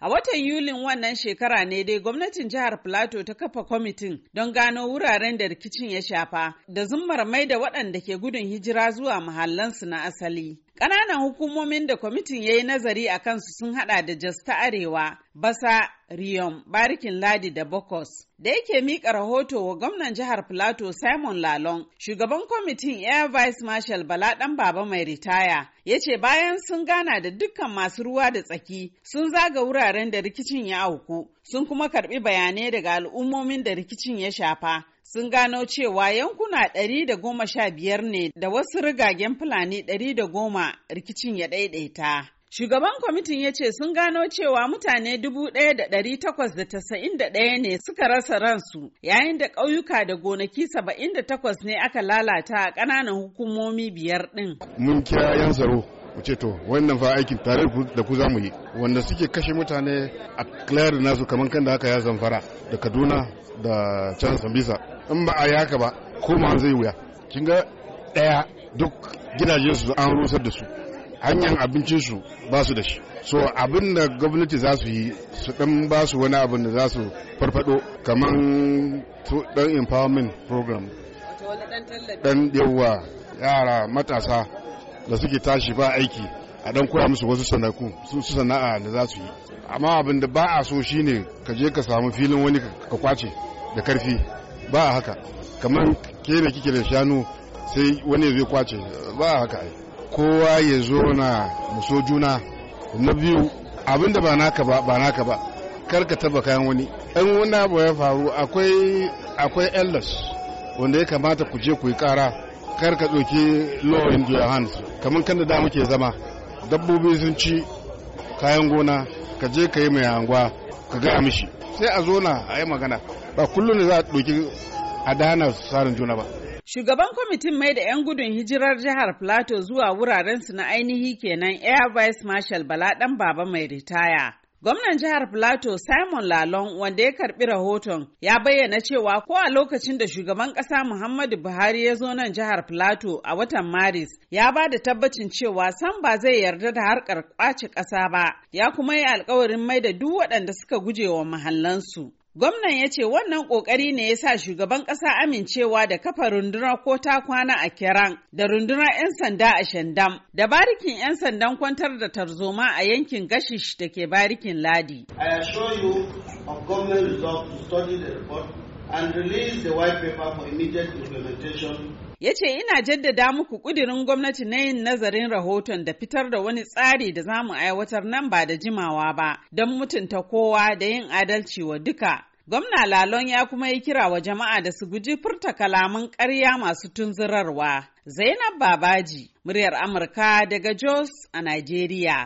A watan Yulin wannan shekara ne dai gwamnatin jihar Filato ta kafa kwamitin don gano wuraren da rikicin ya shafa da zummar mai da waɗanda ke gudun hijira zuwa mahallansu na asali. Ƙananan hukumomin da kwamitin ya yi nazari a kansu sun hada da Jos ta Arewa, Basa, Riyom, Barikin Ladi da Bokos. Da yake miƙa rahoto wa gwamnan jihar Plateau Simon Lalong, shugaban kwamitin Air Vice Marshal Bala ɗan Baba mai ritaya, ya ce bayan sun gana da dukkan masu ruwa da tsaki, sun zaga wuraren da rikicin ya auku, sun kuma karɓi bayanai daga al'ummomin da rikicin ya shafa, sun gano cewa yankuna 115 ne da wasu rigagen Fulani 110 rikicin ya ɗaiɗaita. Shugaban kwamitin ya ce sun gano cewa mutane 1,891 ne suka rasa ransu yayin da ƙauyuka da gonaki 78 ne aka lalata a ƙananan hukumomi biyar ɗin. Mun kira 'yan tsaro mu ce to wannan fa aikin tare da ku za mu yi wanda suke kashe mutane a da nasu kamar kan da haka ya zamfara da kaduna da can sambisa in ba a yi haka ba koma zai wuya kin ga daya duk gidajen su an rusar da su hanyar abincin su ba su da shi so abin da gwamnati za su yi su dan ba su wani abin da za su farfado kamar dan empowerment program dan yawa yara matasa da suke tashi ba aiki a dan koya musu wasu sanaku su sana'a da za su yi amma abin da ba a so shine ka je ka samu filin wani ka kwace da karfi ba a haka kamar ke ne kike da shanu sai wani zai kwace ba a haka kowa ya zo na muso juna na biyu abin da ba naka ba ba naka ba kar ka taba kayan wani in wani abu ya faru akwai akwai ellis wanda ya kamata ku je ku yi kara kar ka ɗauki law in your hands kamar kan da da muke zama dabbobi sun ci kayan gona ka je ka yi mai hangwa ka ga mishi sai a zona a yi magana ba kullum da za a ɗauki adana tsarin juna ba Shugaban kwamitin mai da 'yan gudun hijirar jihar Plateau zuwa wurarensu na ainihi kenan Air Vice Marshal Bala ɗan baba mai ritaya. Gwamnan jihar Plateau Simon Lalon wanda ya karbi rahoton ya bayyana cewa ko a lokacin da shugaban kasa Muhammadu Buhari ya zo nan jihar Plateau a watan Maris ya ba da tabbacin cewa san ba zai yarda da harkar kwace kasa ba ya kuma yi alkawarin mai da duk waɗanda suka guje wa mahallansu. Gwamnan ya ce wannan ƙoƙari ne ya sa shugaban ƙasa amincewa da kafa rundunar ko ta kwana a Kiran da rundunar 'yan sanda a Shandam da barikin 'yan sandan kwantar da tarzoma a yankin Gashish da ke barikin Ladi. and release the white paper for immediate implementation. Ya ce ina jaddada muku kudirin gwamnati na yin nazarin rahoton da fitar da wani tsari da za mu aiwatar nan ba da jimawa ba don mutunta kowa da yin adalci wa duka. Gwamna Lalon ya kuma yi kira wa jama'a da su guji furta kalaman ƙarya masu tunzurarwa. Zainab Babaji, muryar Amurka daga Jos a Najeriya.